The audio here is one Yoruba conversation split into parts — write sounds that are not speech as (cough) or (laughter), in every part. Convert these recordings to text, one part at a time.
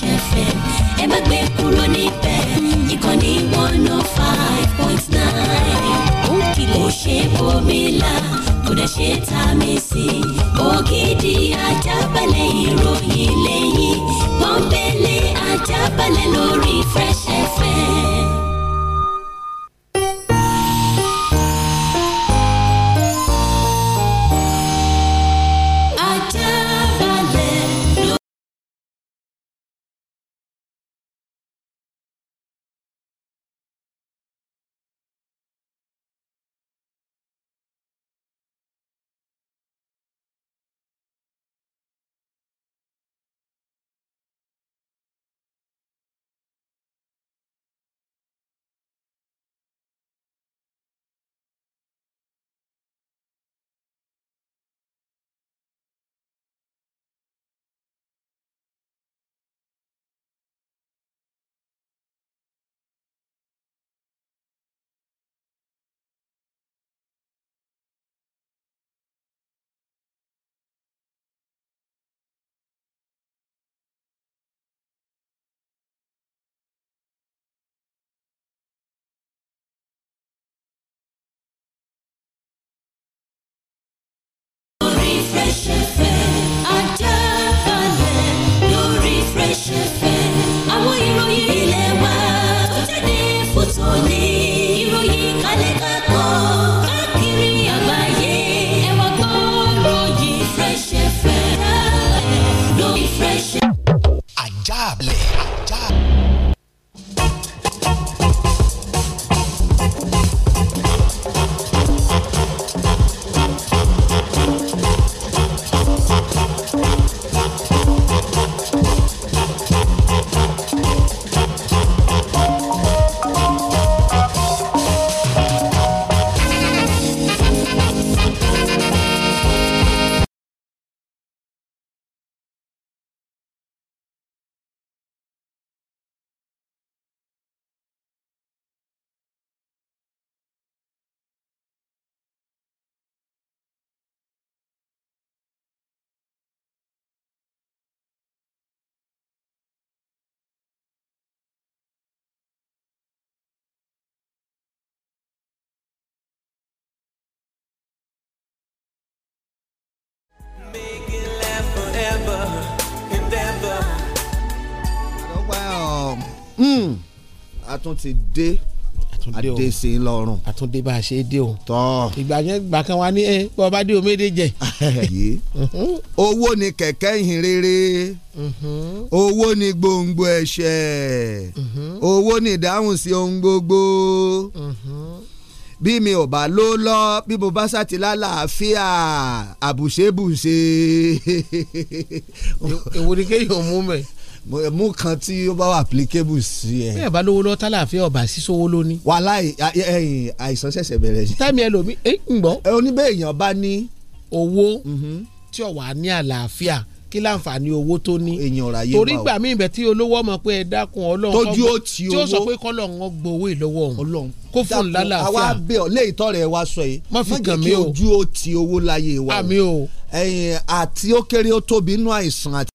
Fresh FM ẹ má gbé kúrò níbẹ̀ ìkànnì one oh five point nine. ó kìlẹ̀ ó ṣe bòmílà kódà ṣe tà mí sí. ògidì ajábalẹ̀ ìròyìn lẹ́yìn pọ́npẹ́lẹ́ ajábalẹ̀ lórí Fresh FM. a tún ti dé àdé sí i lọ́rùn. àtúndé bá a ṣe é dé o. tọ́ ìgbà yẹn gbà kan wá ní ẹ bọ́ ọba dé omédè jẹ. (laughs) Mhm. owó ni kẹ̀kẹ́ ìhìn rere mhm. owó ni gbòǹgbò ẹ̀ṣẹ̀ mhm. owó ni ìdáhùn sí ohun gbogbo bí mi ò bá ló lọ bí mo bá ṣàtìlá làáfíà àbùṣebùṣe. èwo ni kéèyàn mú mẹ́ mú kan tí ó bá wà applicable sí ẹ. bí ẹ bá lówó lọ tálàfẹ́ ọba sísówó lóní. wàhálà àìsàn ṣẹ̀ṣẹ̀ bẹ̀rẹ̀ yìí. tẹ́mi ẹlòmí ẹ ń gbọ́. oníbẹ̀ èèyàn bá ní. owó mhm. tí ó wà ní àlàáfíà kí láǹfààní owó tó ní. èèyàn ọ̀rọ̀ ayé wa o torí gbà mí ibẹ̀ tí olówó ọmọ pé ẹ dákun ọlọ́run tójú ó ti owó tí ó sọ pé kọ́lọ́run gbowó ìlọ́wọ́ ọ̀hún kó fún un lálàáfíà. àwa bẹ ọ lé ìtọ́ rẹ̀ wá sọ yìí má fi kàn mí o má jẹ́ kí ojú ó ti owó láyé wa àmì o. ẹyin àti ó kéré ó tóbi inú àìsàn àti.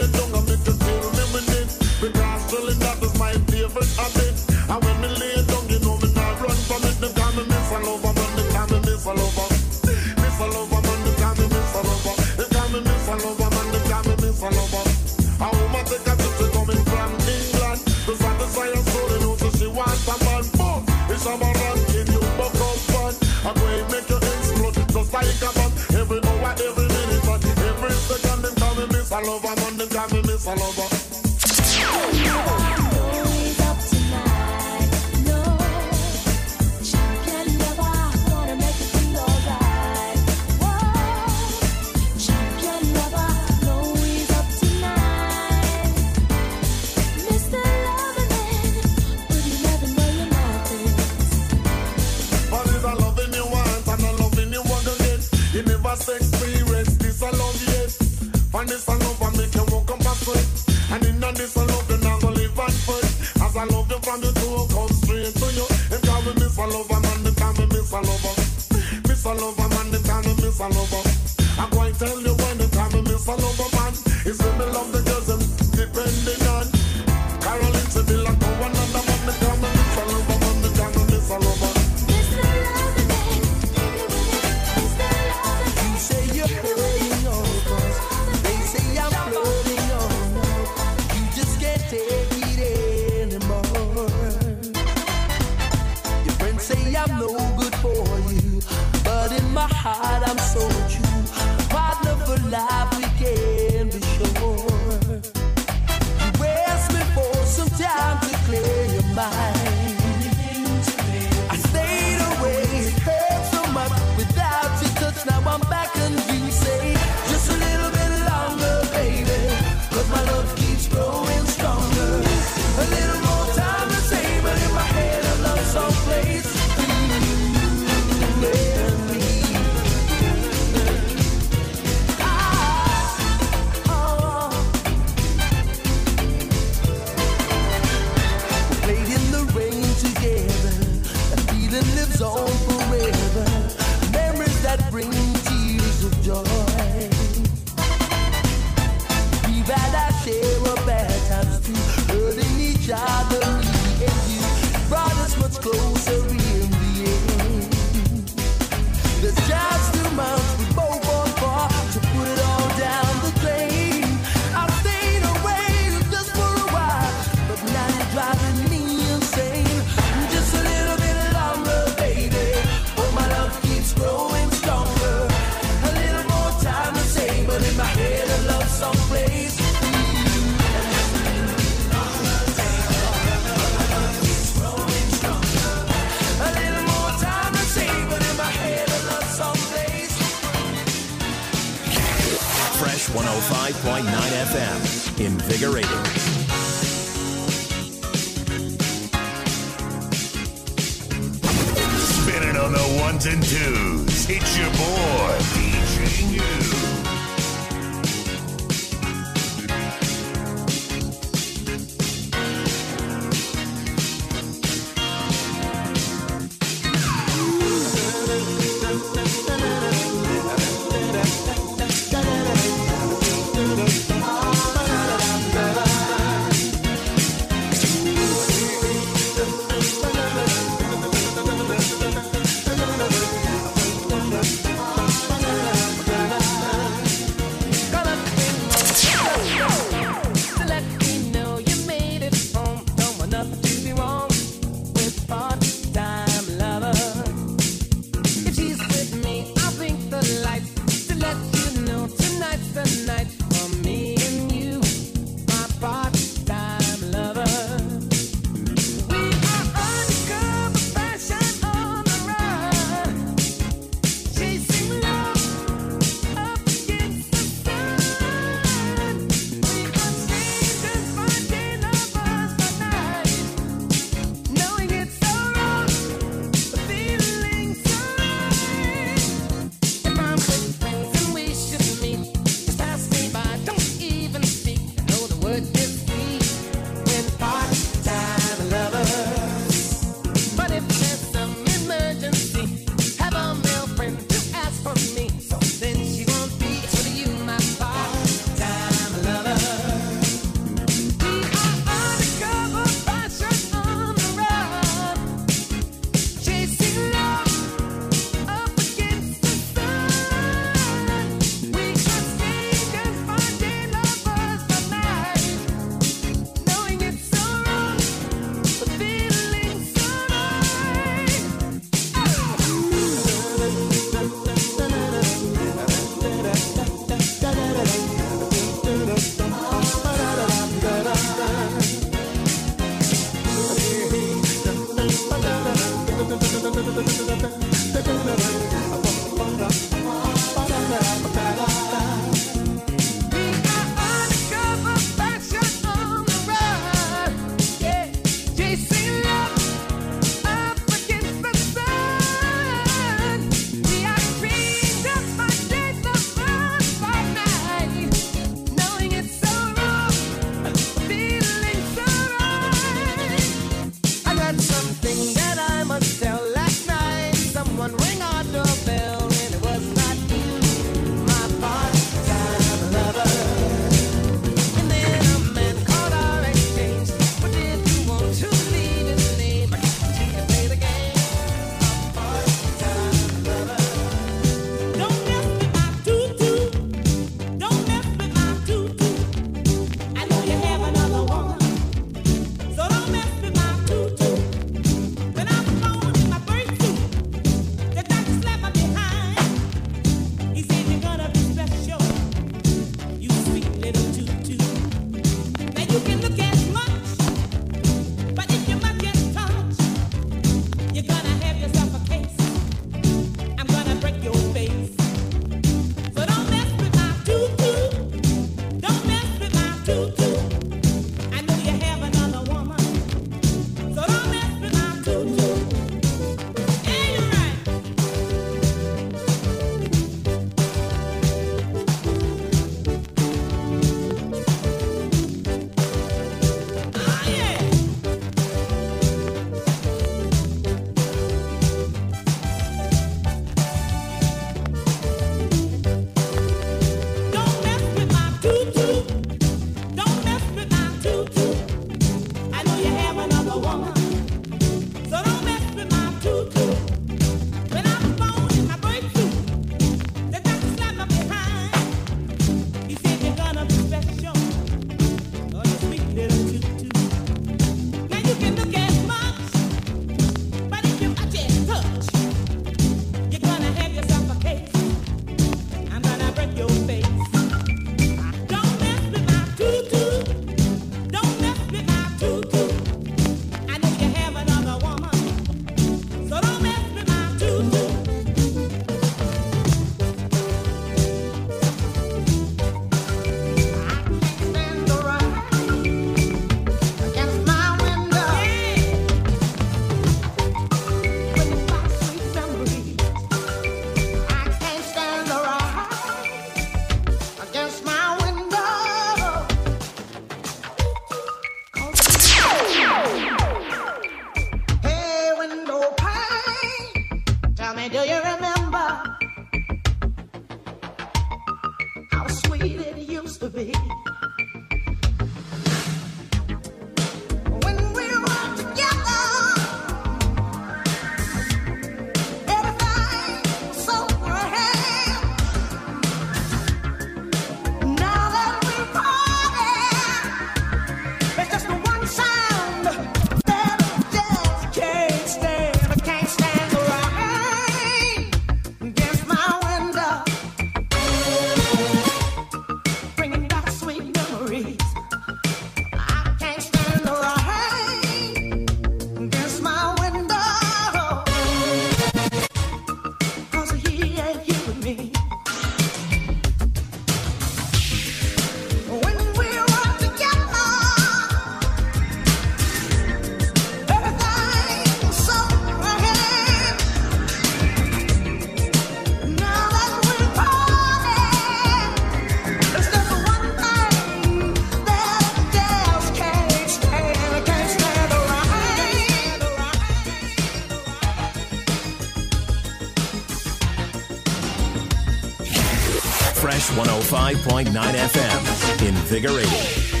105.9 FM. Invigorating.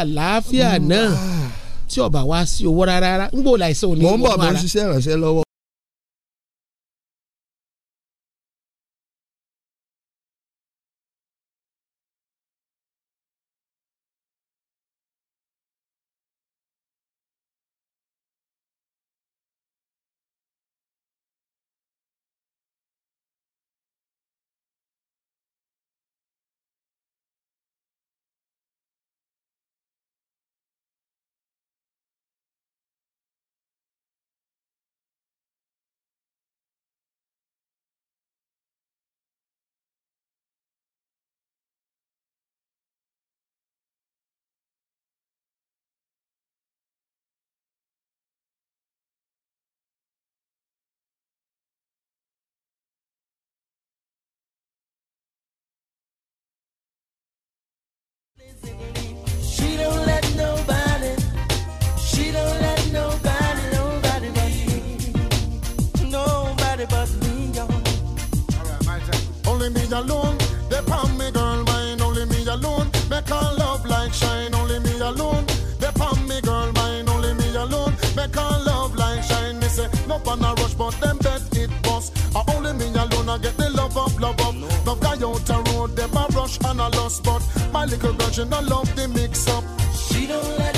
àlàáfíà náà ah. tí ọba wa sí owó rárá ń bò láìsàn òní mò ń bọ̀ mò ṣiṣẹ́ ìrànṣẹ́ lọ́wọ́ up, love up. No. Love guy out a road, them a rush and a lost, but my little girl she don't love the mix up. She don't like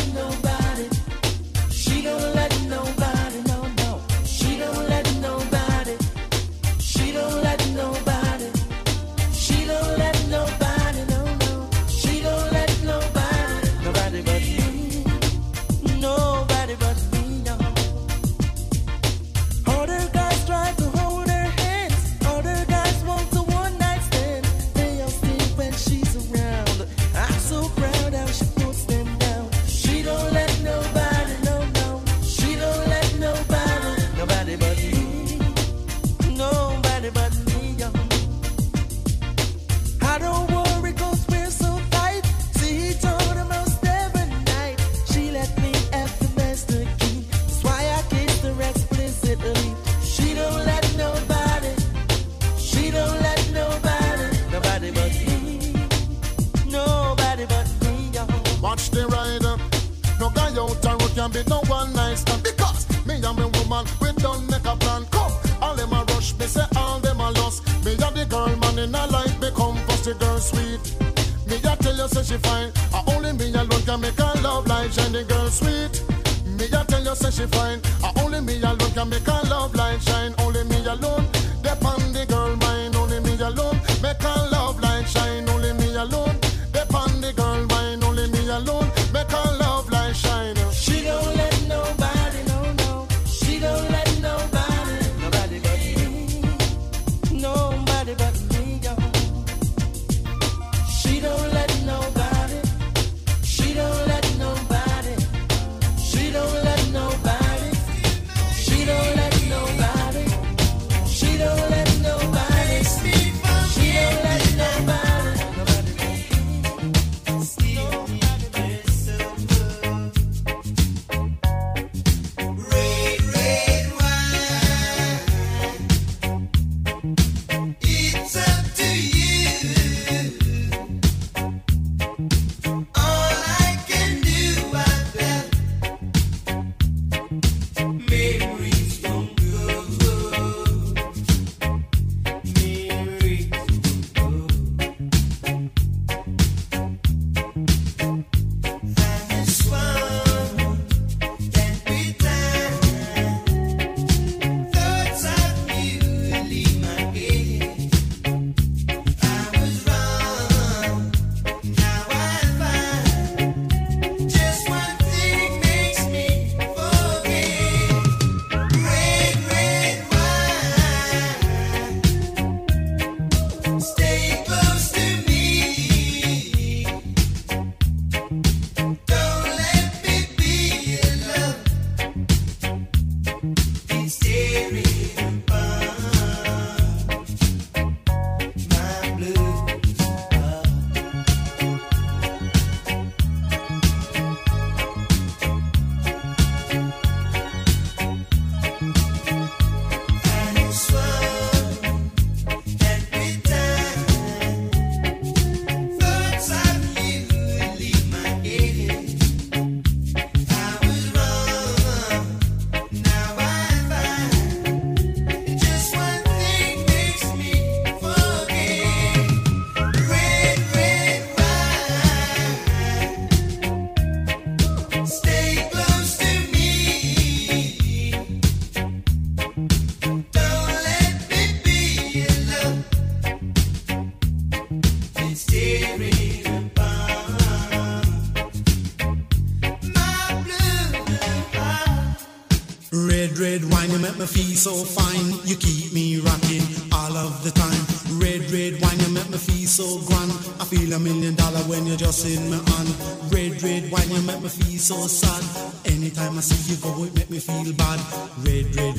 so sad. Anytime I see you go, it make me feel bad. Red, red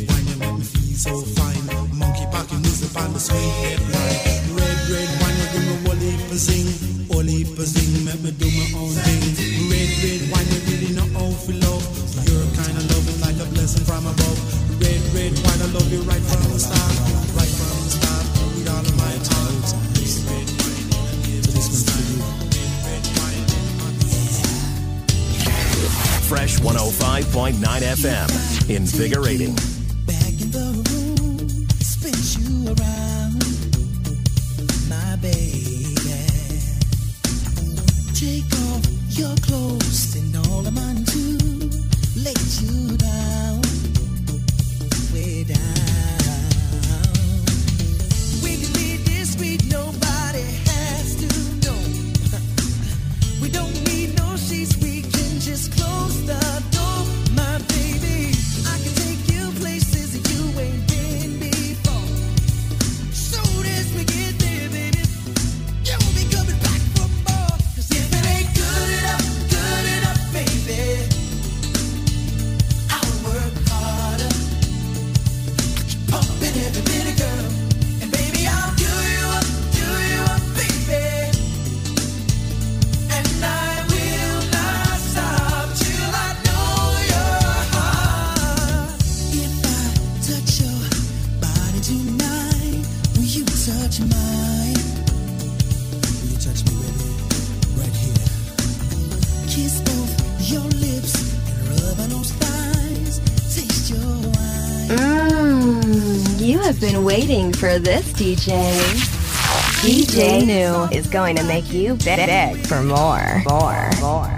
invigorating. waiting for this DJ. DJ New is going to make you beg for more, more, more.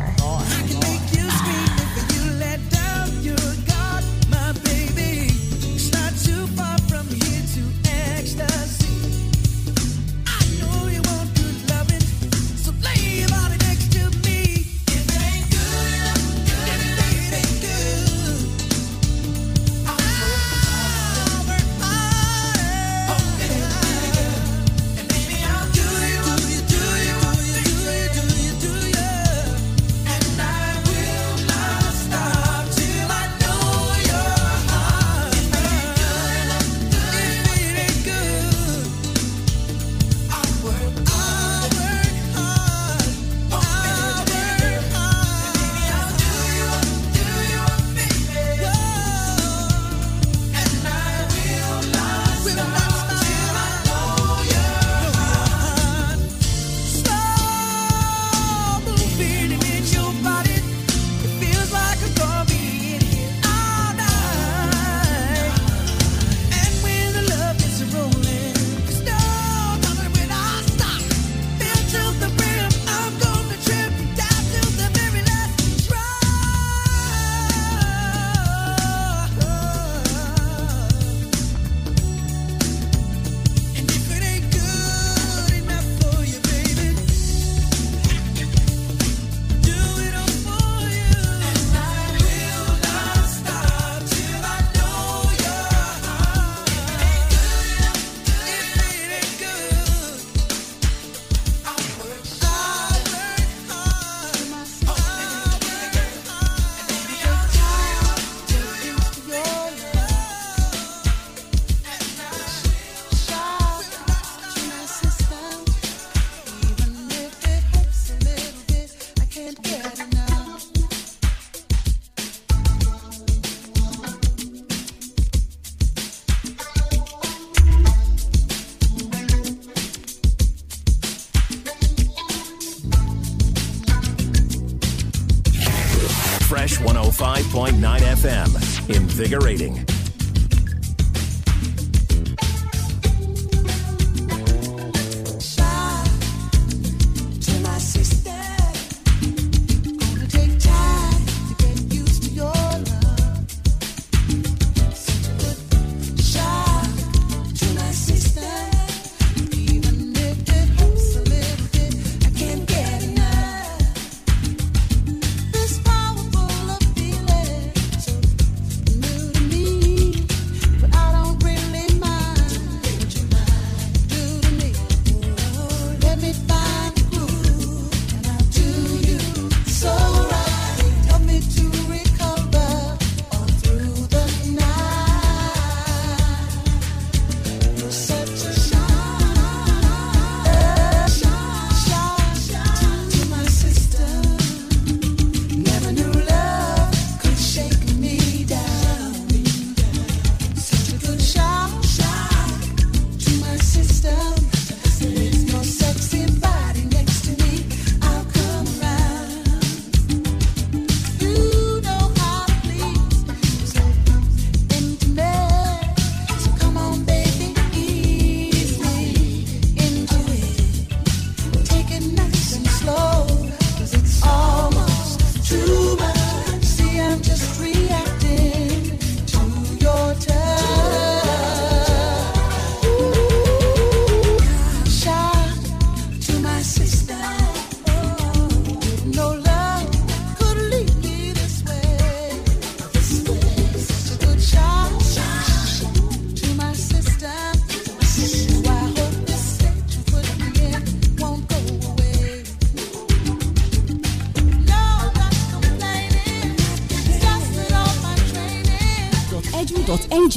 rating.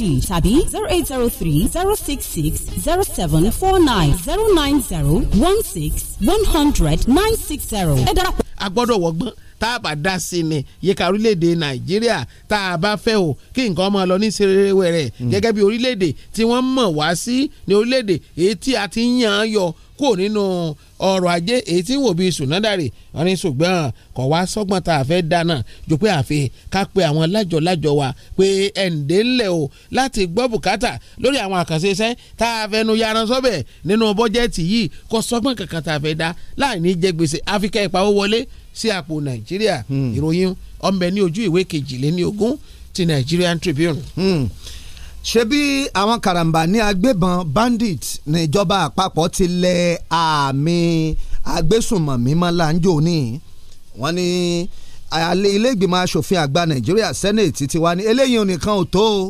méjì tàbí zero eight zero three zero six six zero seven four nine zero nine zero one six one hundred nine six zero. ẹ darapọ̀. a gbọ́dọ̀ wọgbọ́n tá a bá dá sí ni yíká orílẹ̀-èdè nàìjíríà tá a bá fẹ́ o kí nǹkan ọmọ lọ ní serere rẹ̀ hmm. gẹ́gẹ́ bí orílẹ̀-èdè tí wọ́n mọ̀ wá sí ní orílẹ̀-èdè èyí tí a ti ń yàn án yọ kò nínú ọrọ̀ ajé èyí tí ń wò bíi sùnádàrí wọn ní ṣùgbọ́n kò wá sọ́gbọ́n tá a fẹ́ dáná ju pé àfi ká pe àwọn lájọ-lájọ wa pé ẹ̀ǹdẹ́ ńlẹ̀ o láti gbọ́ bùkátà lórí àwọn àkànṣe iṣẹ́ tá a fẹ́ nu yaran sọ́bẹ̀ nínú bọ́jẹ́ẹ̀tì yìí kò sọ́gbọ́n kankan tá a fẹ́ dá láì ní jẹ gbèsè àfikẹ́ ìpawó wọlé sí àpò nàìjíríà hmm. ìròyìn ọmọbẹ ní ojú ìwé kejìléní ogún ti Nigerian Tribune. Hmm. ṣebí àwọn karambà ní agbébọn bandit níjọba àpapọ̀ ti lẹ àmì agbésùnmọ̀mímọ́ láńjò ní wọ́n ní alẹ́ ilé ìgbìmọ̀ asòfin àgbà nàìjíríà senate ti wá ní eléyìí ò nìkan ò tó o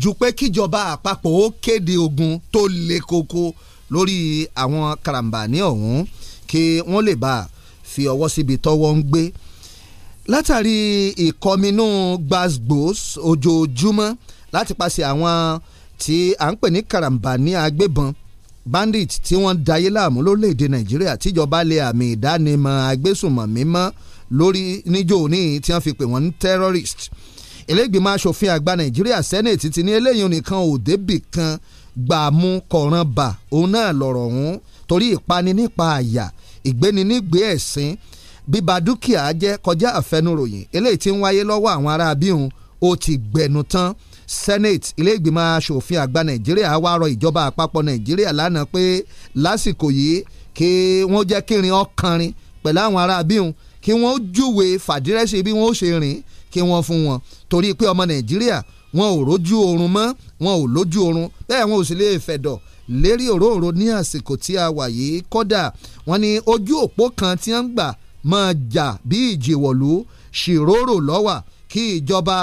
ju pé kíjọba àpapọ̀ ó kéde ogun tó le koko lórí àwọn karambà ní ọ̀hún kí wọ́n lè bá a fi ọwọ́ síbi tọ́wọ́ ń gbé látàrí ìkọminú gbasgbos ojoojúmọ́ láti paṣẹ àwọn tí à ń pè ní karambani agbébọn bandit tí wọ́n dayé láàmú lórílẹ̀‐èdè nàìjíríà tíjọba lè àmì ìdánimọ̀ agbésùnmọ̀mí mọ́ lórí níjó ní tí wọ́n fi pè wọ́n ní terrorist ilégbìmọ̀ asòfin àgbà nàìjíríà senate ti ní eléyìí nìkan ò débì kan gbàmú kọ̀ọ̀ràn bà òun náà lọ̀rọ̀ ọ̀hún torí ìpani nípa àyà ìgbéninígbé ẹ̀sìn bíba dúkìá jẹ́ kọjá àfẹnuròyìn eléyìí tí ń wáyé lọ́wọ́ àwọn ará abíhun ó ti gbẹ̀nu tán senate ilé ìgbìmọ̀ asòfin àgbà nàìjíríà wá rọ ìjọba àpapọ̀ nàìjíríà lánàá pé lásìkò yìí kí wọ́n jẹ́ kírin ọkànrin pẹ̀lú àwọn ará abíhun kí wọ́n júwe fàdírẹ́sì bí wọ́n ó ṣe rìn kí wọ́n fún wọn torí pé ọmọ nàìjíríà wọn ò rójú oorun mọ́ wọn ò lójú oorun bẹ́ẹ̀ wọn ò sì lè fẹ̀dọ̀ lérí òróòro ní àsìkò tí a wà yìí kódà wọ́n ní ojú òpó kan tí wọ́n ń gbà máa jà bí ìjìwọ̀lú ṣìrórò lọ́wà kí ìjọba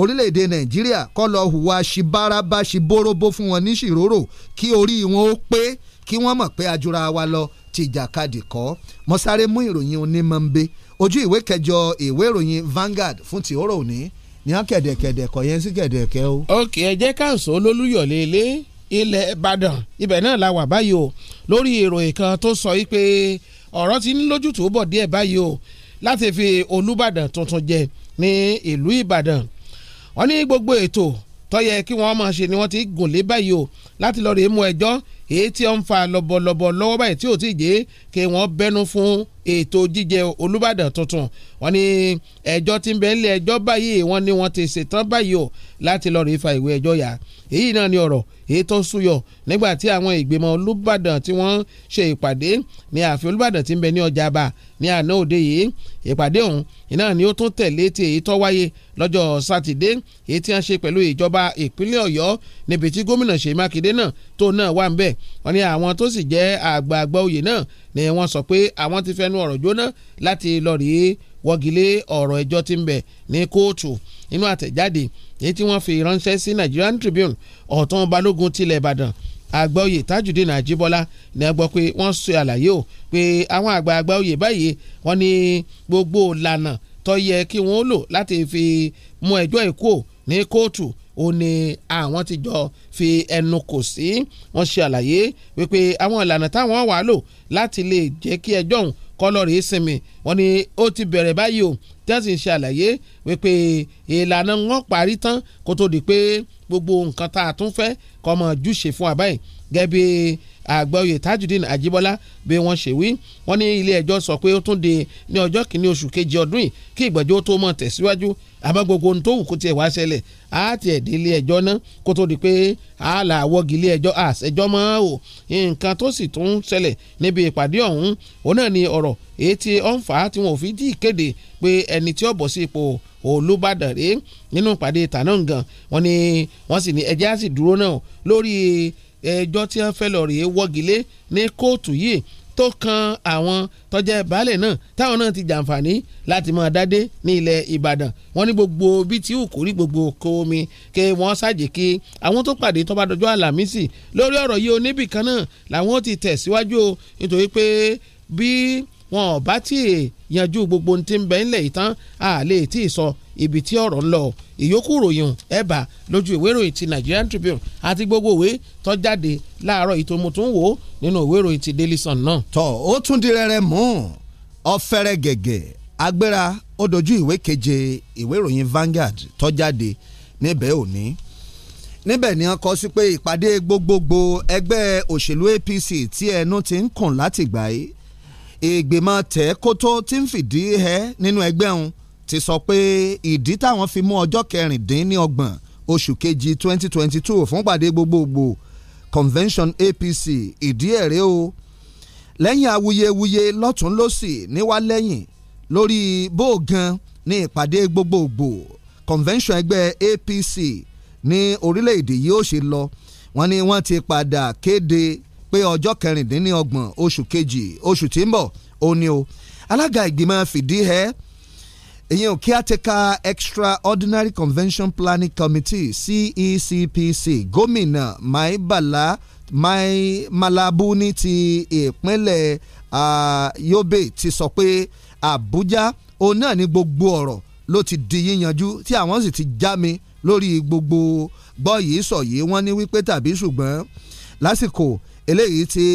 orílẹ̀-èdè nàìjíríà kọ́ lọ hùwà ṣibáraba ṣibóróbó fún wọn ní ṣìrórò kí orí wọn ó pé kí wọ́n mọ̀ pé ajura wa lọ ti jàkadì kọ́ mo sáré mú ìròyìn onímọ̀nbe ojú ìwé kẹjọ ìwé ìròyìn Vanguard fún tìhóró òní ní wọn kẹ̀dẹ̀kẹ̀dẹ̀ kọ̀ yẹn sí kẹ̀dẹ̀kẹ̀ o. ok ẹ jẹ́ ká sọ ilẹ̀ ìbàdàn ibẹ̀ náà la wà báyìí o lórí ìròyìn kan tó sọ wípé ọ̀rọ̀ ti ń lójútùú bọ̀ díẹ̀ báyìí o láti fi olúbàdàn tuntun jẹ ní ìlú ìbàdàn wọ́n ní gbogbo ètò tó kí wọ́n máa ṣe ni wọ́n ti gùn lé báyìí o láti lọ rèé mú ẹjọ́ èyí tí ó ń fa lọ́bọ̀lọ́bọ̀ lọ́wọ́ báyìí tí ò tí ì jẹ́ kí wọ́n bẹ́nu fún ètò jíjẹ Olúbàdàn tuntun wọn ní ẹjọ́ tí ń bẹ nílé ẹjọ́ báyìí wọn ní wọn ti ṣetán báyìí o láti lọ rí fa ìwé ẹjọ́ yá èyí náà ni ọ̀rọ̀ èyí tó súyọ nígbà tí àwọn ìgbìmọ̀ Olúbàdàn tí wọ́n ṣe ìpàdé ní ààfin Olúbàdàn tí ń bẹ ní ọjà bá ní àná òde yìí ìpàdé ọ̀hún iná ni ó tún tẹ̀lé ti èyí tó wáyé lọ́jọ́ sátidé èyí tí wọ́n ṣe pẹ̀lú ìjọba ìpínlẹ̀ Ọ̀yọ́ níbi tí gómìnà Ṣèyí Mákindé náà tó náà wà ń bẹ̀ wọ́n ní àwọn tó sì jẹ́ àgbààgbà oyè náà ni wọ́n sọ pé àwọn ti fẹ́ fẹnu ọ̀rọ̀ jóná láti lọ rèé wọ́gilé ọ̀rọ̀ ẹjọ́ tí ń bẹ ní kóòtù nínú àtẹ̀jáde èyí tí wọ́n fi ránṣẹ́ sí Nigerian Tribune ọ̀tún balógun tilẹ̀ Ìbàdàn àgbáòye tajudeen àjíbọ́lá ní a gbọ́ pé wọ́n ṣe àlàyé o pé àwọn àgbà àgbáòye báyìí wọ́n ní gbogbo lànà tó yẹ kí wọ́n lò láti fi mú ẹjọ́ ìkó ní kóòtù ó ní àwọn ti jọ fi ẹnu kò sí wọ́n ṣe àlàyé wípé àwọn ìlànà táwọn wà lò láti lè jẹ́ kí ẹjọ́ ọ̀hún kọlọ́ọ̀rì ìsinmi wọ́n ní ó ti bẹ̀rẹ̀ báyìí o tẹ́sí ń ṣàlàyé wípé ìlànà wọn parí tán kó tó di pé gbogbo nǹkan tá a tún fẹ́ kọ́ mọ̀ júṣe fún wa gẹ́gẹ́ bí àgbọ̀yé tajudeen ajibola bí wọ́n ṣe wí wọ́n ní ilé ẹjọ́ sọ pé ó tún di ní ọjọ́ kìíní oṣù kejì ọdún yìí kí ìgbẹ́jọ́ tó mọ̀ tẹ̀síwájú àmọ́ gbogbo ohun tó wù kó tiẹ̀ wá ṣẹlẹ̀ á tiẹ̀ dé ilé ẹjọ́ náà kó tó di pé á là wọ́gi ilé ẹjọ́ àṣẹjọ́ mọ́ o nǹkan tó sì tún ṣẹlẹ̀ níbi ìpàdé ọ̀hún òun náà ni ọ̀rọ̀ èyí tí ó ń fà á tí wọn ò fi dí ìkéde pé ẹni tí ó bọ̀ sí ipò Olúbàdàn rèé nínú ìpàdé tànáǹgàn wọn ni wọn sì ní ẹjẹ́ á sì dúró náà lórí ẹjọ́ tí wọ́n fẹ́ lọ rèé wọ́gilé ní kóòtù yìí tó kan àwọn tọ́jà ìbálẹ̀ náà táwọn náà ti jàǹfààní láti máa dádé ní ilẹ̀ Ìbàdàn wọ́n ní gbogbo bí tí ò kó rí gbogbo kó omi kí wọ́n ṣàjè kí àwọn tó pàdé tó bá dọjọ́ àlàmísì lórí ọ̀rọ̀ yìí oníbì kan náà làwọn ti tẹ̀síwájú o nítorí pé bí wọn ò bá tiẹ̀ yanjú gbogbo tí ń bẹ ńlẹ̀ ìtàn a lè tí ì sọ ibi tí ọ̀rọ̀ ń lọ ìyókù ròyìn ẹ̀bà lójú ìwé ìròyìn ti Nigerian Tribune àti gbogbo ìwé tó jáde láàárọ̀ ìtòmùtún wò nínú ìwé ìròyìn ti Daily Sun náà. tọ ó tún di rẹrẹ mú ọfẹrẹ gẹgẹ agbéra ó dojú ìwé keje ìwé ìròyìn Vanguard tó jáde níbẹ̀ òní níbẹ̀ ni wọ́n kọ sí pé ìpàdé gbogbogbò ẹgbẹ́ òṣèlú APC tí ẹnu ti ń kùn látìgbà yìí ìgbìmọ̀ tẹ́kótó tí ń fìdí ẹ nínú ẹgbẹ́ òun ti sọ pé ìdí táwọn fi mú ọjọ́ kẹrìndínlọ́gbọ̀n oṣù kejì 2022 fún pàdé gbogbogbò convention APC ìdí ẹ̀ rèé o lẹ́yìn awuyewuye lọ́tún lọ́sì níwálẹ́yìn lórí bóògan ní ìpàdé gbogbogbò convention ẹgbẹ́ APC ní orílẹ̀-èdè yìí ó ṣe lọ wọ́n ní wọ́n ti padà kéde pé ọjọ́ kẹrìndínlọ́gbọ̀n oṣù kejì oṣù tí ń bọ̀ ó ní o alága ìgbìmọ̀ fìdí ẹ̀ èyí ò caretaker extraordinary convention planning committee CECPC e gómìnà Maibala Mai Malabuni ti ìpínlẹ̀ uh, Yobe ti sọ pé Àbújá òun náà ní gbogbo ọ̀rọ̀ ló ti di yíyanjú tí àwọn sì ti já mi lórí gbogbo gbọ́ yìí sọ yìí wọ́n ní wípé tàbí ṣùgbọ́n lásìkò eléyìí tí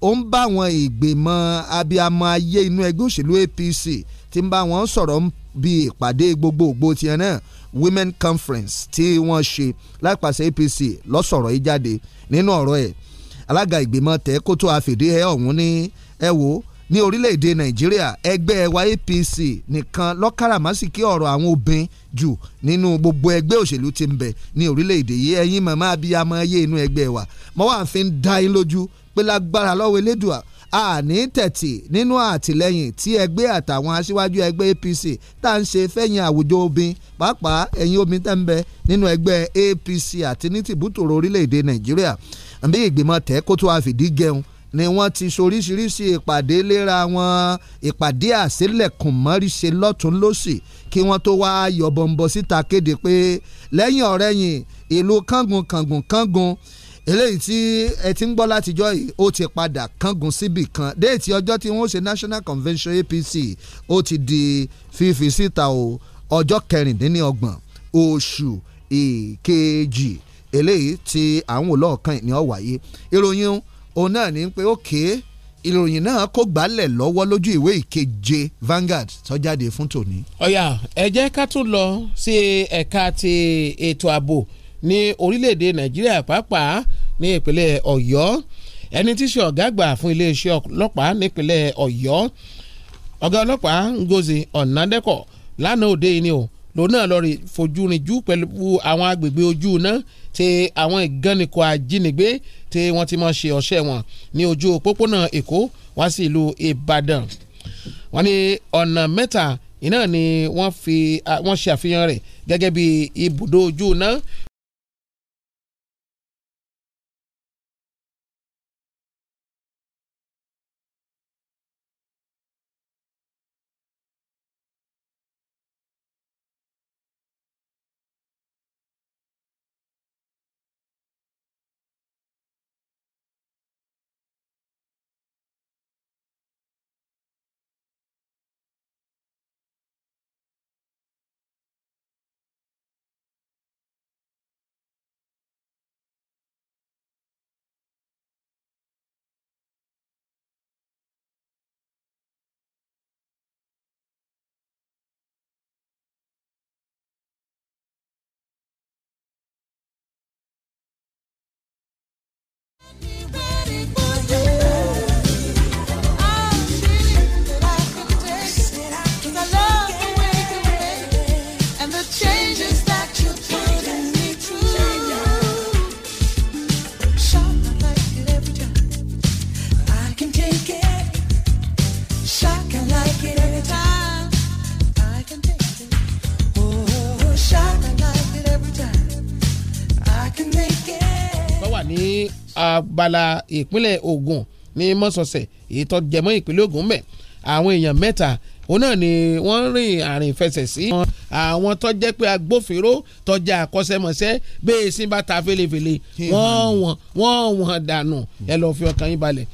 ó ń bá àwọn ìgbìmọ̀ abiyamọ ayé inú ẹgbẹ́ òṣèlú APC tí ń bá wọn sọ̀rọ̀ bí ìpàdé gbogbogbò tiẹ̀ náà women conference tí wọ́n ṣe lápasẹ̀ APC lọ́sọ̀rọ̀ yìí jáde nínú ọ̀rọ̀ ẹ̀ alága ìgbìmọ̀ tẹ̀ kótó àfìdíhẹ́ ọ̀hún ní ẹ wò ó ní orílẹ̀-èdè nàìjíríà ẹgbẹ́ wa APC nìkan lọ́kàràmásìkí ọ̀rọ̀ àwọn obìnrin jù nínú gbogbo ẹgbẹ́ òṣèlú tí ń bẹ ní orílẹ̀-èdè yìí ẹ̀yin màmá abiyamọ ayé inú ẹgbẹ́ wa mo wá fi ń dá yín lójú pé lágbára lọ́wọ́ elédùà àní tẹ̀tì nínú àtìlẹ́yìn tí ẹgbẹ́ àtàwọn aṣíwájú ẹgbẹ́ APC tá à ń ṣe fẹ́yìn àwùjọ obìnrin pàápàá ẹ̀yin obìnrin tẹ́ ń bẹ nínú ẹgbẹ́ APC àti ní tìbútòrò orílẹ̀-èdè nàìjíríà àbí ìgbìmọ̀ tẹ́ kó tó a fìdí gẹun ni wọ́n ti soríṣiríṣi ìpàdé léra wọn ìpàdé àṣelẹ̀kùnmọ́rí ṣe lọ́tún lọ́sì kí wọ́n tó wá yọ̀bọ̀nbọ̀ síta kéde pé lẹ́yìn ọ̀rẹ́yìn ìlú kángun kángun kángun eléyìí tí ẹ ti ń gbọ́ látijọ́ yìí ó ti padà kángun síbì kan déètì ọjọ́ tí wọ́n ṣe national convention APC ó ti di fífi síta o ọjọ́ kẹrìndínlọ́gbọ̀n oṣù ìkejì eléyìí tí àwọn olóòkàn ni ó wáyé ìròyìn òun náà ní pé ókè ìròyìn náà kò gbálẹ̀ lọ́wọ́ lójú ìwé ìkeje Vanguard tó fún tòní. ọ̀yà ẹ̀jẹ̀ jẹ́ ká tún lọ sí ẹ̀ka ti ètò ààbò ní orílẹ̀-èdè Nàìjíríà pàápàá ní ìpínlẹ̀ Ọ̀yọ́ ẹni tí í ṣe ọ̀gá àgbà fún iléeṣẹ́ ọlọ́pàá nípínlẹ̀ Ọ̀yọ́ ọ̀gá ọlọ́pàá Ngozi Ọ̀nàdẹ́kọ̀ lánàá òde yìí ni o lòun náà lọ rí fojú rinjú pẹ̀lú àwọn agbègbè ojú iná tí àwọn ìgànnìkọ̀ ajínigbé tí wọ́n ti máa ṣe ọṣẹ́ wọn ní ojú òpópónà Èkó wá sí ìlú Ìbàdàn wọ́n ní ọ̀nà mẹ́ta iná ni wọ́n ṣe àfihàn rẹ̀ gẹ́gẹ́ bí ibùdó ojú iná abala ìpínlẹ̀ Ògùn ní mọ́sọ̀ọ̀sẹ̀ èyí tó jẹmọ́ ìpínlẹ̀ Ògùn mẹ́ àwọn èèyàn mẹ́ta òun náà ni wọ́n rìn àrìn fẹsẹ̀ sí àwọn tó jẹ́ pé agbófinró tó jẹ́ àkọ́ṣẹ́mọṣẹ́ bẹ́ẹ̀ sí bá ta fèlèfèlè wọ́n wọ́n wọ́n dànù ẹ lọ́ọ́ fi ọkàn yín balẹ̀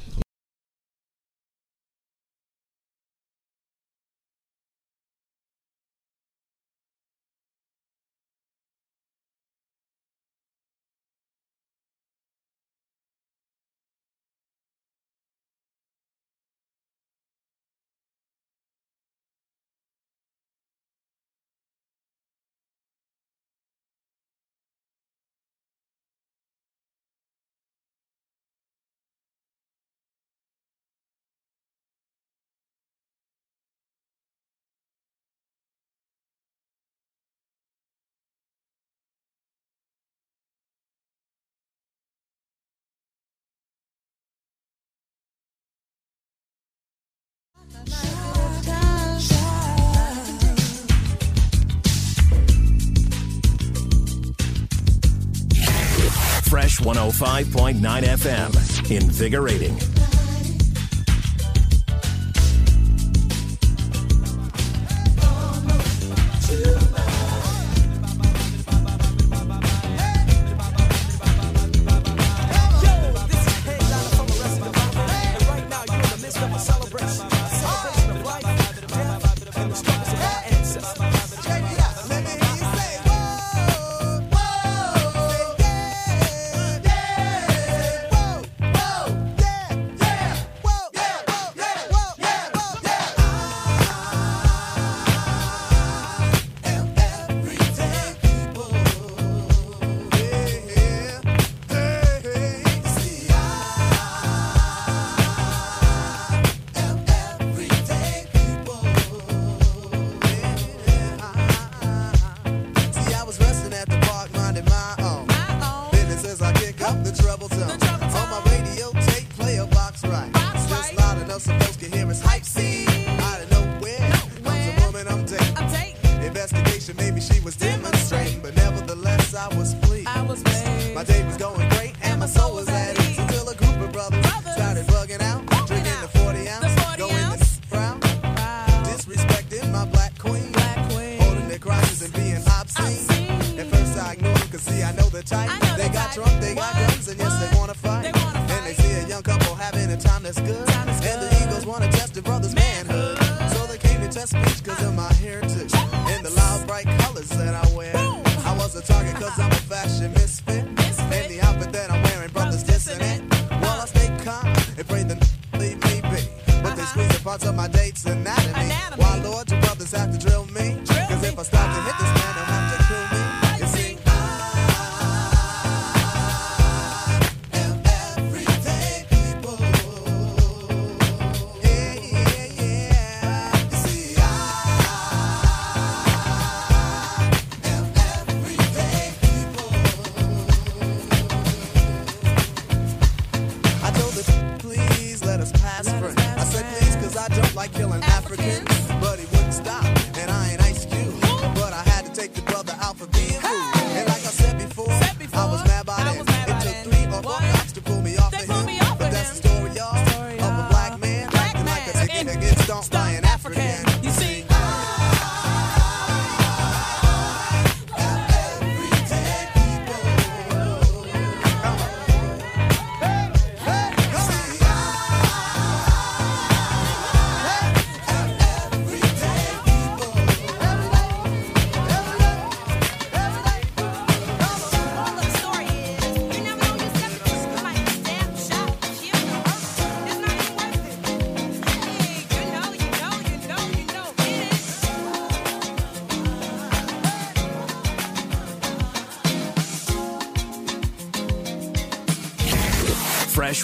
105.9 FM. Invigorating. just have to drill me. Cause if I stop to hit this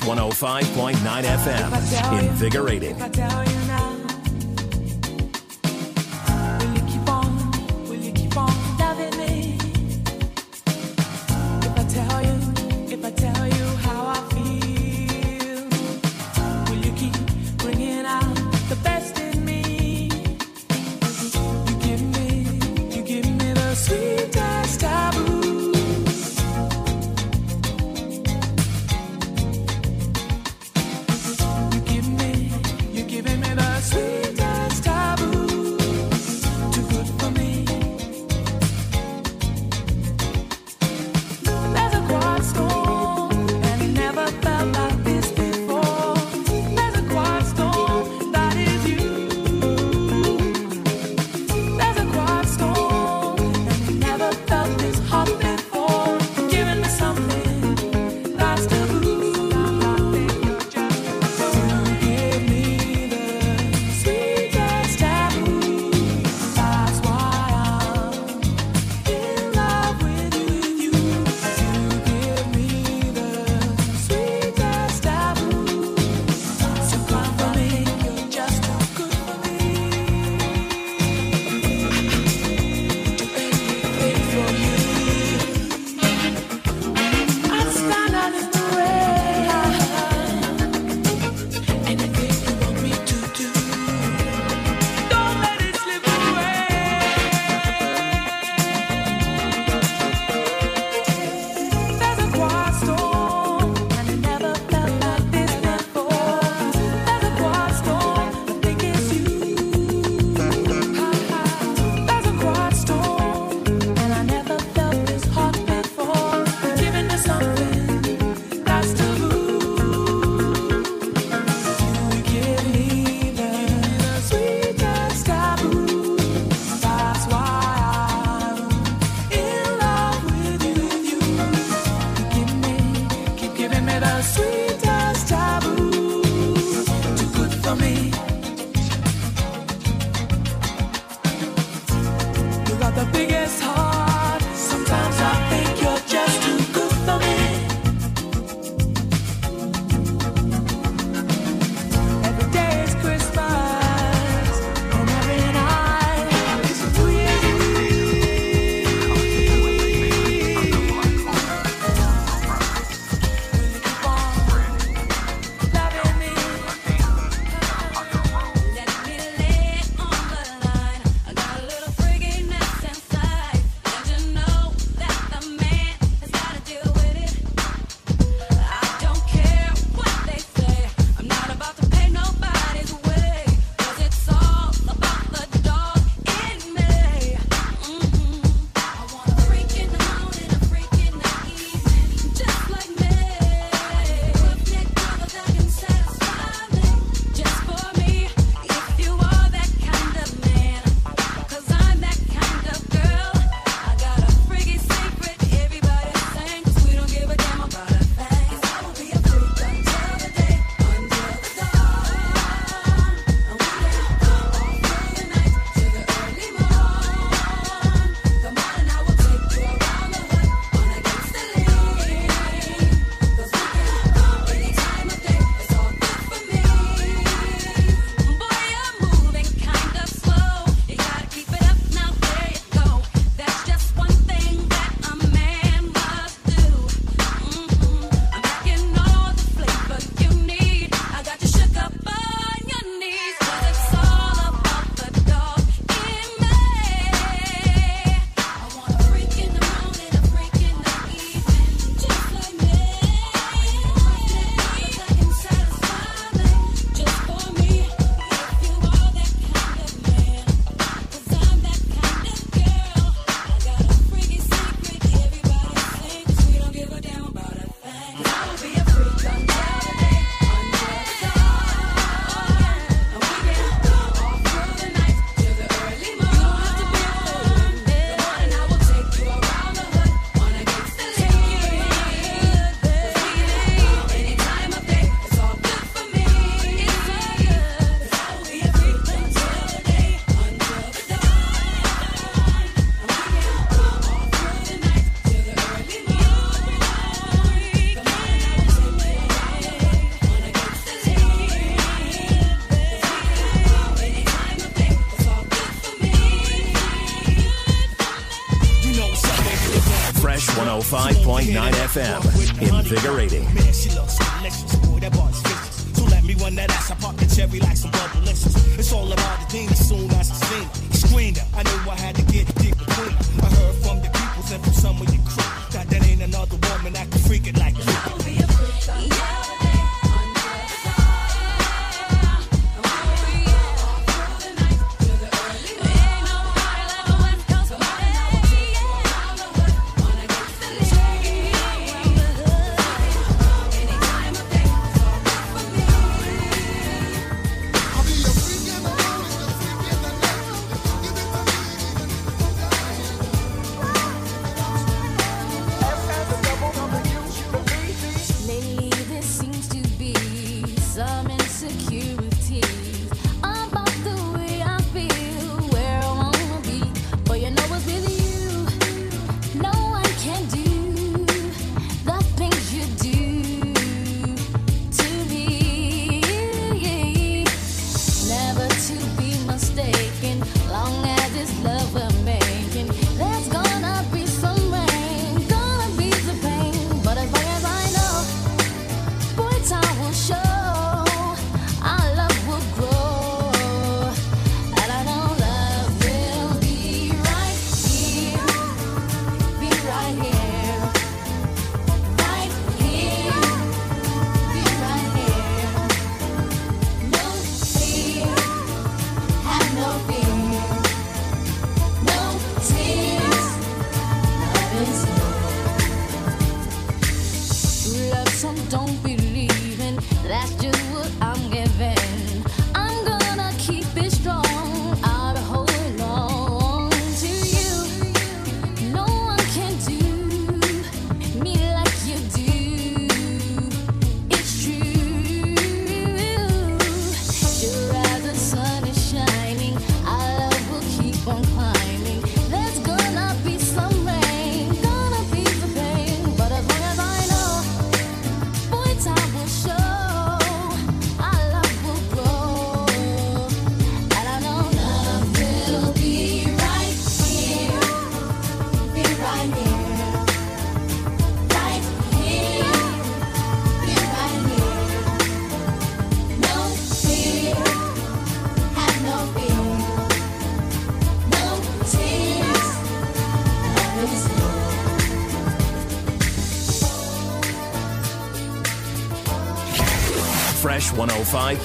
105.9 FM. Invigorating.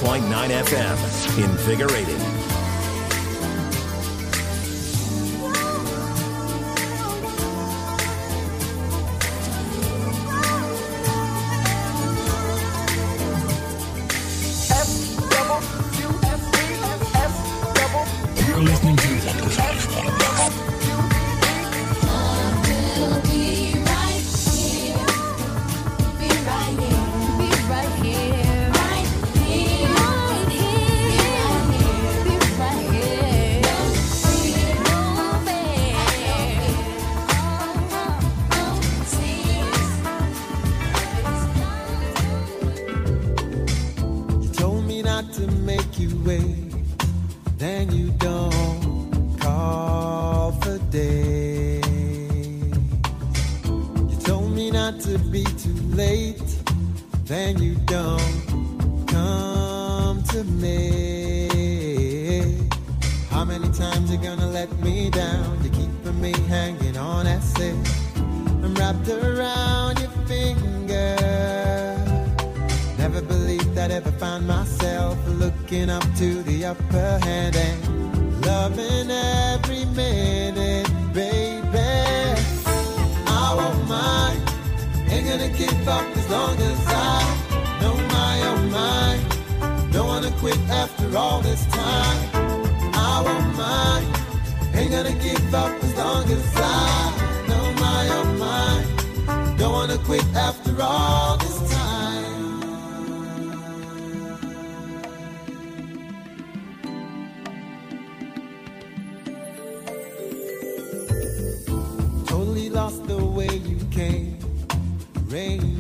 101.9 FM. Invigorating. lost the way you came. Rain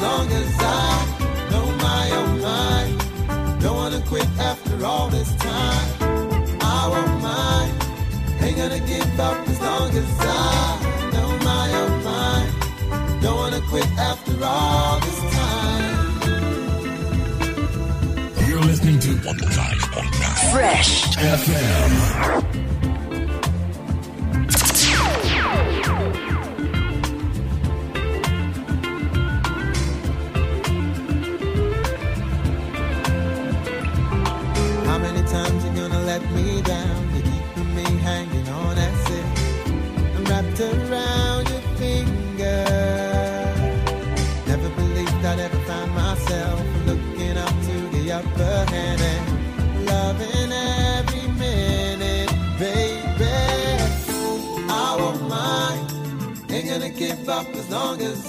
long as I know my own mind. Don't wanna quit after all this time. I won't mind. Ain't gonna give up as long as I know my own mind. Don't wanna quit after all this time. You're listening to 105.9 Fresh FM.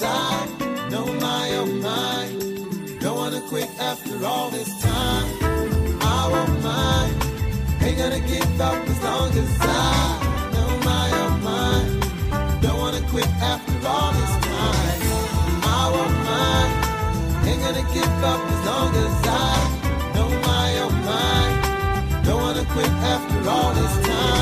stop. No, my, oh, my. Don't wanna quit after all this time. I won't mind. Ain't gonna give up as long as I. No, my, oh, my. Don't wanna quit after all this time. I won't mind. Ain't gonna give up as long as I. No, my, oh, my. Don't wanna quit after all this time.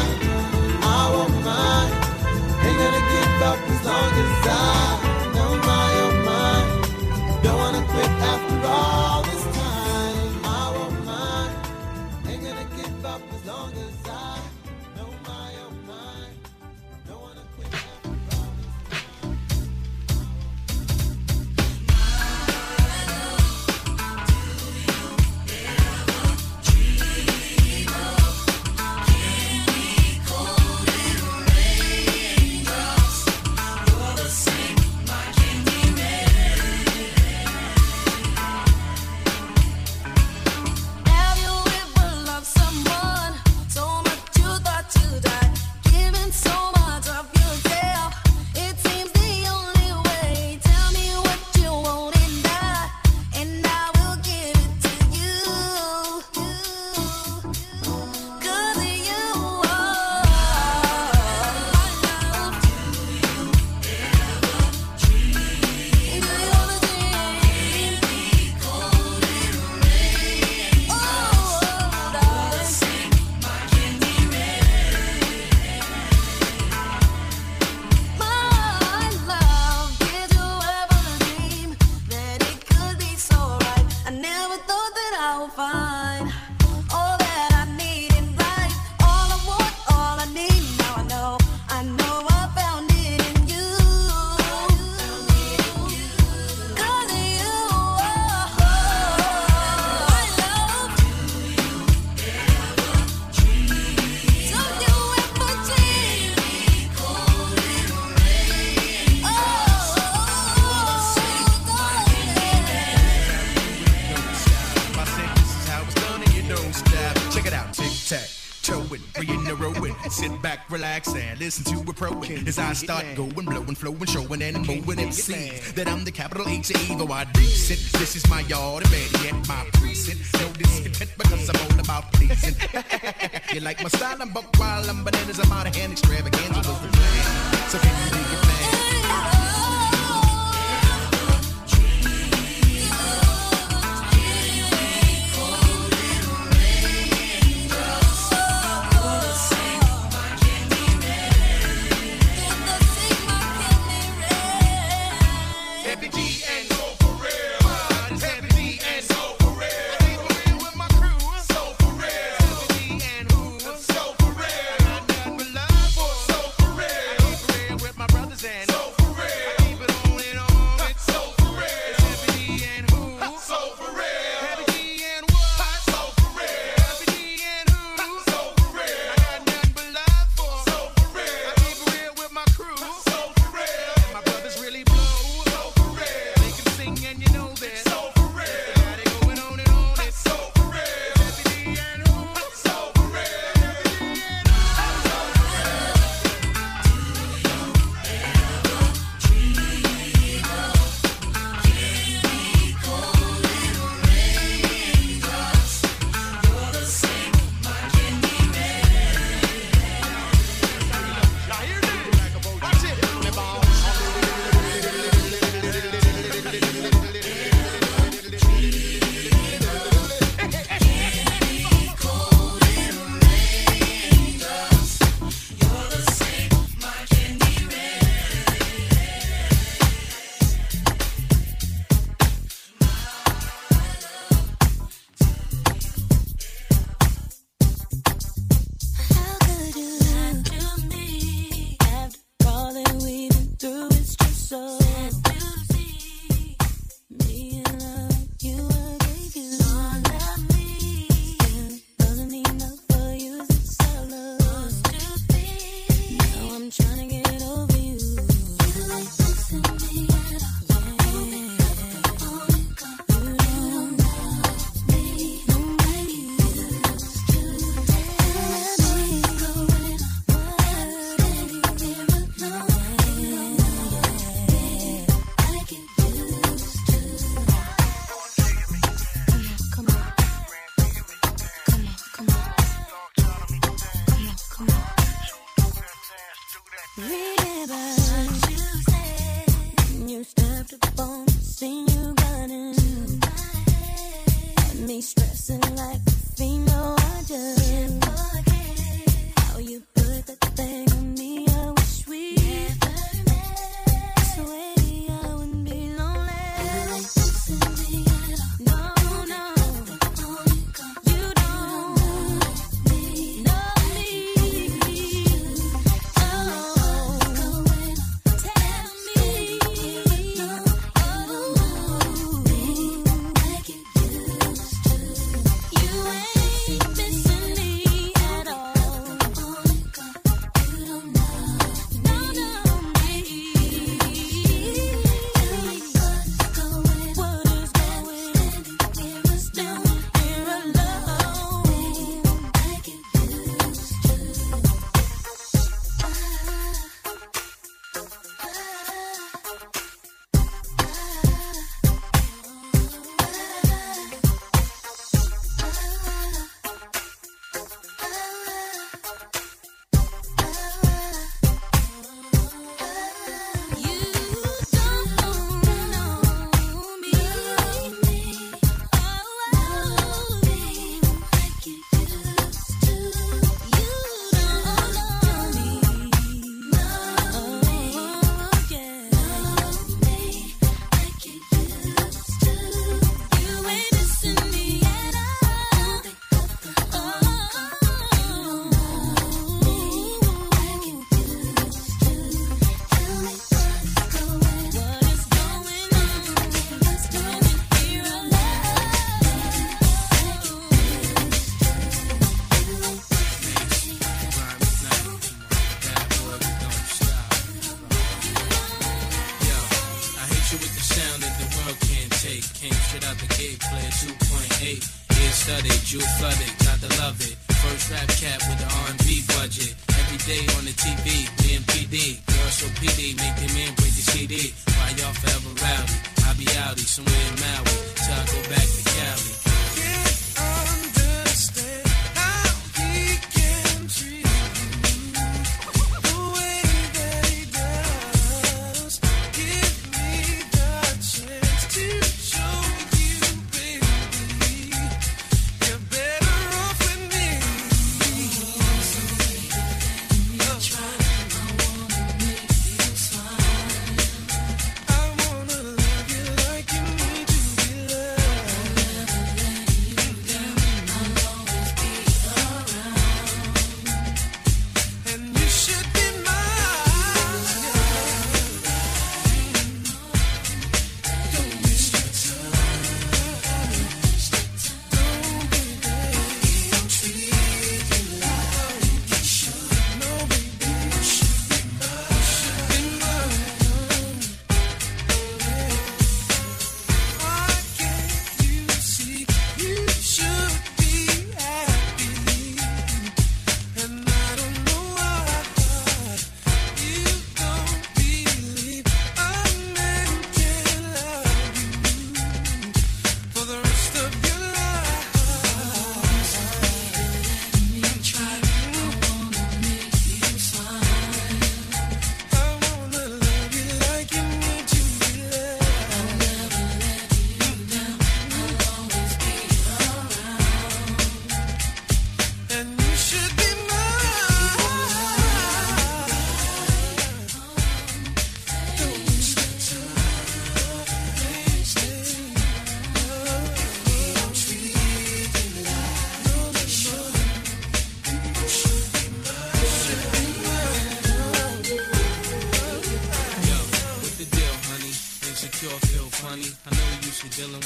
I start going, blowing, flowing, showing, and moving it that I'm the capital H of evil. I decent. This is my yard and bed yet my precinct. No discontent because I'm all about pleasing. (laughs) you like my style? I'm buck wild, I'm bananas. I'm out of hand extravaganza.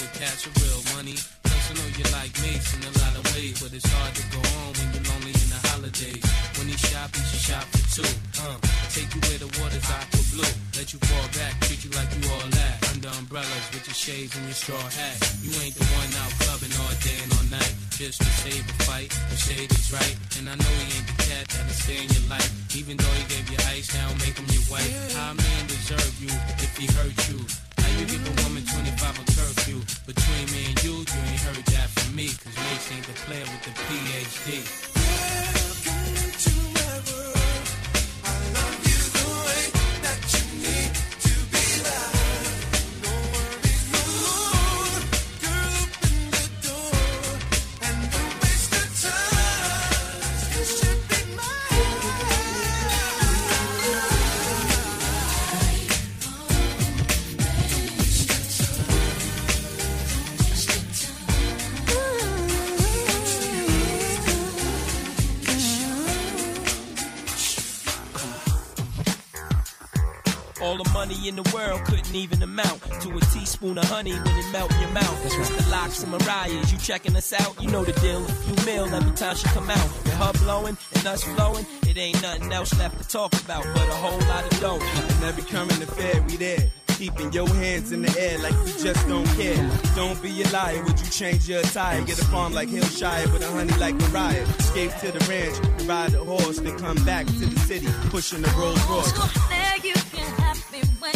To catch a real money. Plus, I know you like mates in a lot of ways, but it's hard to go on when you're lonely in the holidays. When he shop, he should shop for two. Uh, take you where the water's aqua blue. Let you fall back, treat you like you all that. Under umbrellas with your shades and your straw hat. You ain't the one out clubbing all day and all night. Just to save a fight, the shade is right. And I know he ain't the cat that'll stay in your life. Even though he gave you ice, now make him your wife. How yeah. man deserve you if he hurt you? Now you give a woman 25 a curfew? Between me and you, you ain't heard that from me. Cause Mace ain't the player with the PhD. in the world couldn't even amount to a teaspoon of honey when it melt in your mouth. That's right. The locks and Mariah's, you checking us out, you know the deal. A few mil every time she come out. With her blowing and us flowing, it ain't nothing else left to talk about but a whole lot of dough. And every coming to fair, we there. Keeping your hands in the air like you just don't care. Don't be a liar, would you change your attire? Get a farm like Hillshire with a honey like Mariah. Escape to the ranch, ride a horse, then come back to the city, pushing the Rolls Royce happy when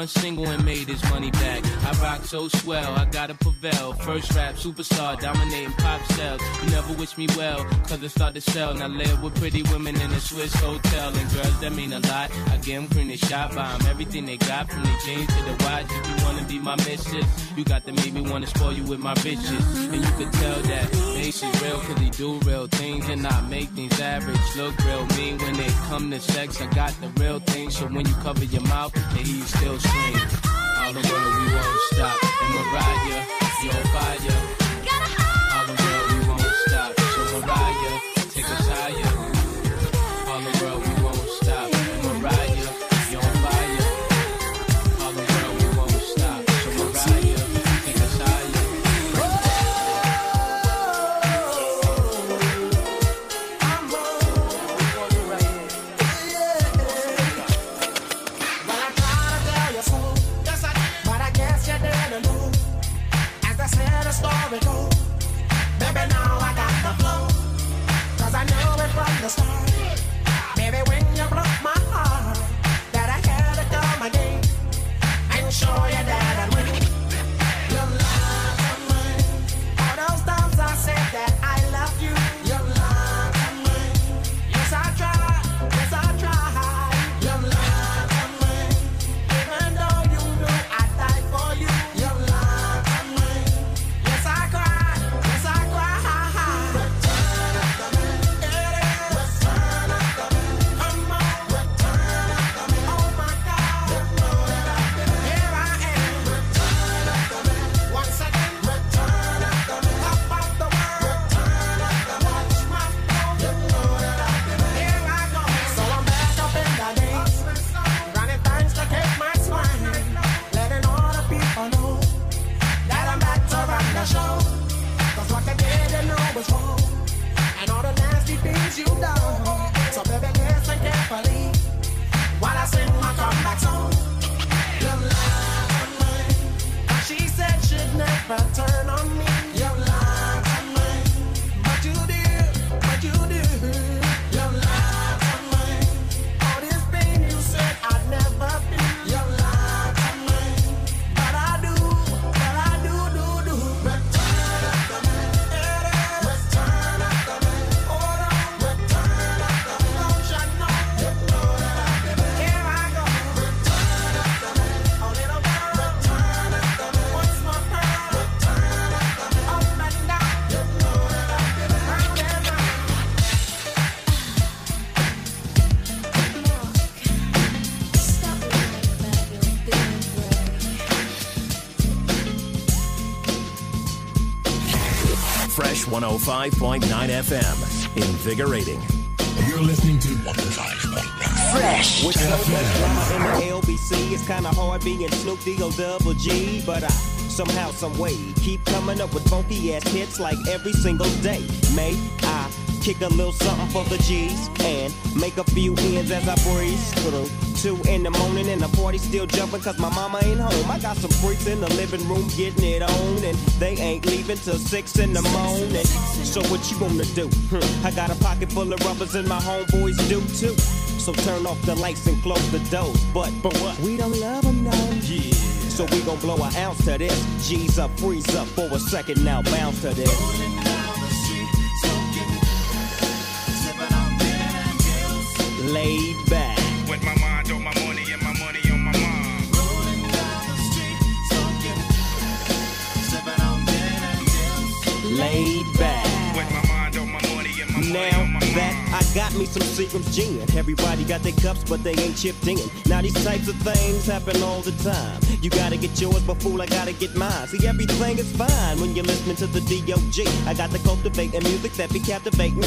one single and made his money back. I rock so swell, I gotta prevail. First rap superstar dominating pop wish me well, cause it started to sell. Now live with pretty women in a Swiss hotel. And girls, that mean a lot. I get them cream shop, buy them everything they got. From the jeans to the watch. If you wanna be my mistress? you got to make me wanna spoil you with my bitches. And you could tell that they is real, cause he do real things. And I make things average look real mean. When it come to sex, I got the real thing. So when you cover your mouth, the you still scream. All the world, we won't stop. And Mariah, you're on fire. niggas higher. 105.9 FM. Invigorating. You're listening to 105.9 Fresh. With FM. In the LBC, it's kind of hard being Snoop D-O double G, but I somehow, some way keep coming up with funky ass hits like every single day. May I kick a little something for the G's and make a few ends as I breeze through. Two in the morning and the party still jumping cause my mama ain't home. I got some freaks in the living room getting it on and they ain't leaving till six in the morning. So what you wanna do? Hmm. I got a pocket full of rubbers and my homeboys do too. So turn off the lights and close the doors. But, but what? We don't love them no. Yeah. So we gon' blow an ounce to this. G's up, freeze up for a second now, bounce to this. laid back Got me some Seagram's gin. Everybody got their cups, but they ain't chipped in. Now these types of things happen all the time. You gotta get yours, but fool, I gotta get mine. See, everything is fine when you're listening to the D.O.G. I got to cultivate and music that be captivating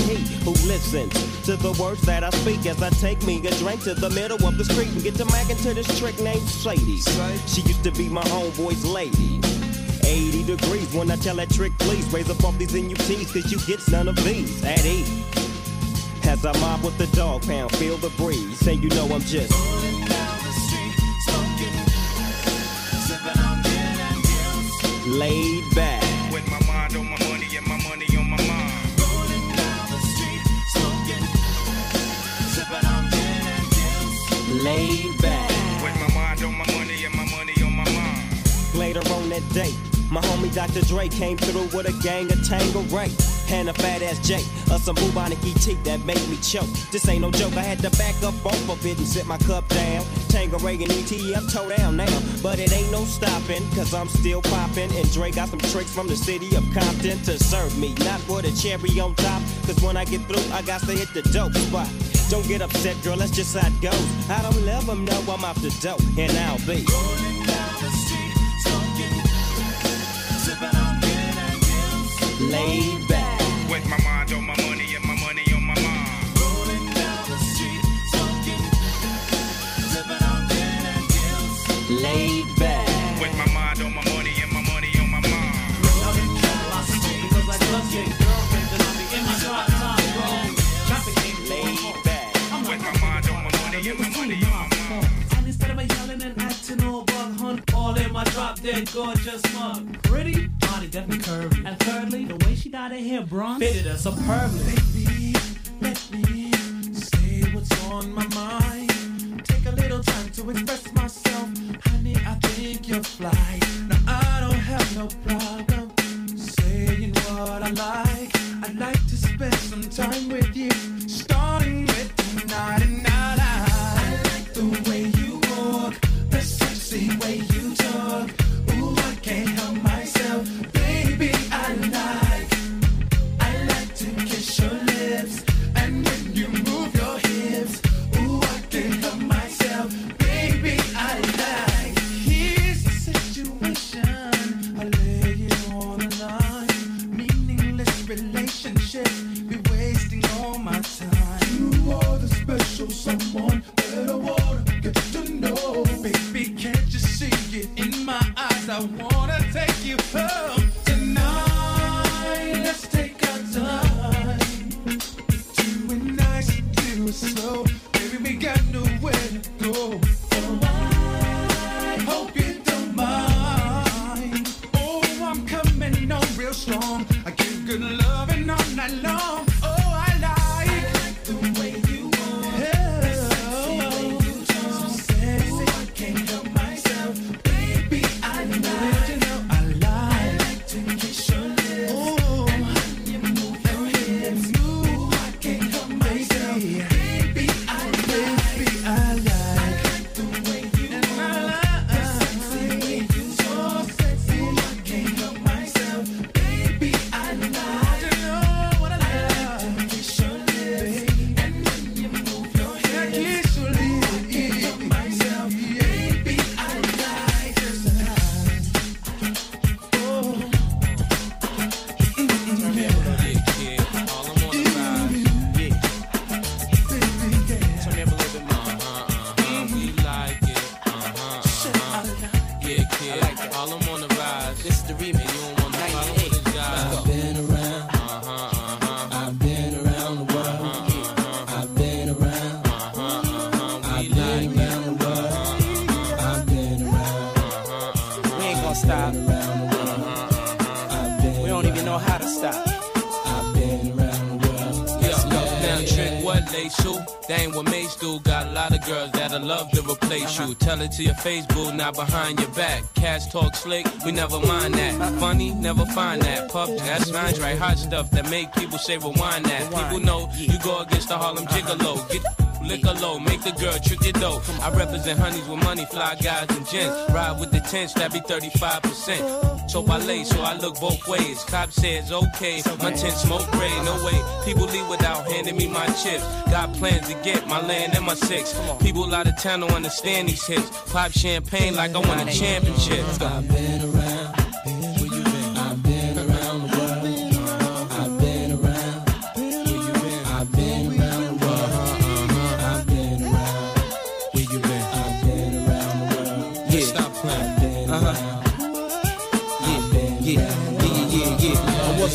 who listens to the words that I speak as I take me a drink to the middle of the street and get to macking into this trick named Sadie. She used to be my homeboy's lady. 80 degrees when I tell that trick, please raise up off these NUTs, cause you gets none of these at ease as I mob with the dog pound. Feel the breeze. Say you know I'm just Laid back. With my mind on my money and my money on my mind. Rolling down the street, smoking, sipping on gin and juice. Laid back. With my mind on my money and my money on my mind. Later on that day, my homie Dr. Dre came through with a gang of Tango Ray and a fat ass Jake or some bubonic ET that made me choke. This ain't no joke, I had to back up both of it and sit my cup down. Tangeray and ET, I'm toe down now, but it ain't no stopping, cause I'm still popping. And Dre got some tricks from the city of Compton to serve me, not for the cherry on top, cause when I get through, I got to hit the dope spot. Don't get upset, girl, that's just how it goes. I don't love them, no, I'm off the dope, and I'll be. Laid back. With my mind on my money and my money on my mind. Laid back. With my mind on my money and my money on my mind. Rolling down street, because I love your girlfriend, i in my time. Traffic ain't laid back. with my mind on my money and my money I dropped that gorgeous mug. Pretty, body definitely curvy. And thirdly, the way she dyed her hair bronze fitted her superbly. Baby, let me say what's on my mind. Take a little time to express myself. Honey, I think you're fly. Now I don't have no problem saying what I like. I'd like to spend some time with you, starting with tonight and I. I like the way you walk, the sexy way you be wasting all my time. You are the special someone that I wanna get to know. Baby, can't you see it in my eyes? I wanna take you home. to your face, boo, not behind your back. Cash talk slick, we never mind that. Funny, never find that. Puff, that's mine. right, hot stuff that make people say rewind that. People know you go against the Harlem Gigolo. Get liquor low, make the girl trick it though. I represent honeys with money, fly guys and gents. Ride with the tents, that be 35%. So I lay, so I look both ways. Cop says, okay, my tent smoke gray, no way. People leave without handing me my chips. Got plans to get my land and my six. People out of town don't understand these hits. Pop champagne like I won a championship.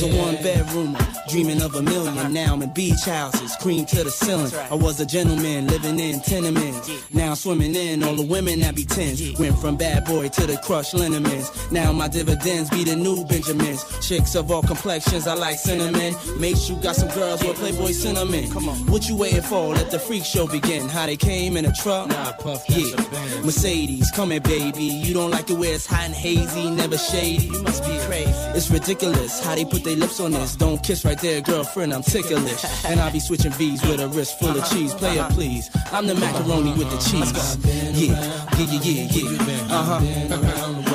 was a one bedroomer. Dreaming of a million, now I'm in beach houses, cream to the ceiling. I was a gentleman living in tenements. Now I'm swimming in all the women that be tens. Went from bad boy to the crushed liniments. Now my dividends be the new Benjamins. Chicks of all complexions, I like cinnamon. Make sure you got some girls with Playboy cinnamon. Come on, what you waiting for? Let the freak show begin. How they came in a truck? Nah, puff, yeah. Mercedes, come here, baby. You don't like the way it's hot and hazy, never shady. You must be crazy. It's ridiculous how they put their lips on this. Don't kiss right dead girlfriend, I'm ticklish. And I be switching V's with a wrist full of cheese. Player, please. I'm the macaroni with the cheese. yeah, yeah, yeah. yeah. Uh huh.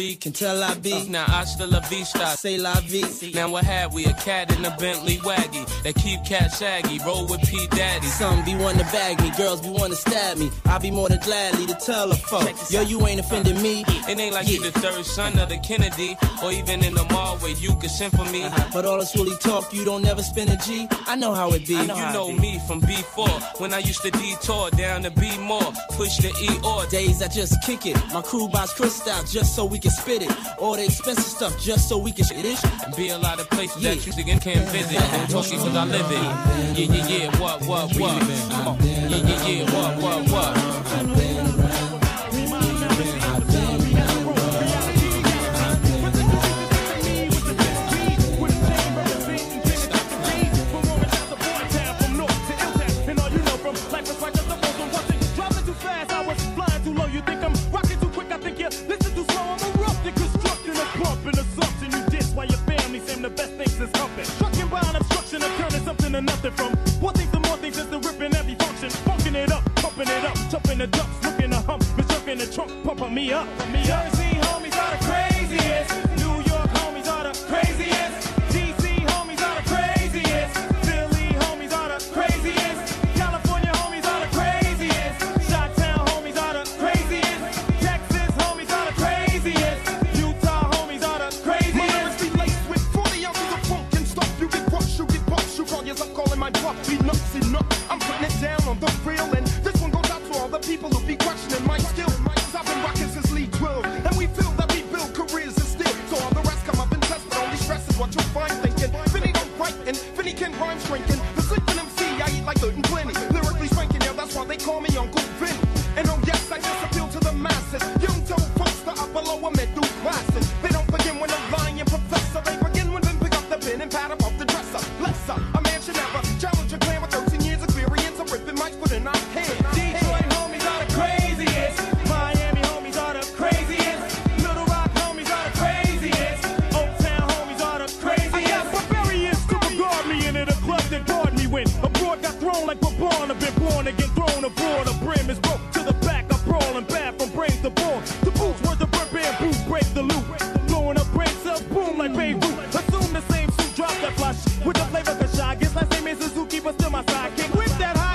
be, can tell I be. Uh, now hasta la vista, say la vie. Now what have we? A cat in a Bentley waggy. They keep cat shaggy, roll with P Daddy. Some be wanna bag me, girls be wanna stab me. I be more than gladly to tell a fuck. Yo, you ain't offending me. It ain't like yeah. you the third son of the Kennedy, or even in the mall where you can send for me. Uh-huh. But all this really talk, you don't never spend a G. I know how it be. Know you know be. me from B4, when I used to detour down to B more, push the E or days I just kick it. My crew buys crystal just so we can can spit it. All the expensive stuff just so we can shit it. And be a lot of places yeah. that you again can't visit. Don't talk because I live it. Yeah, yeah, yeah, what, what, what? Come on. Yeah, yeah, yeah, what, what, what? me up.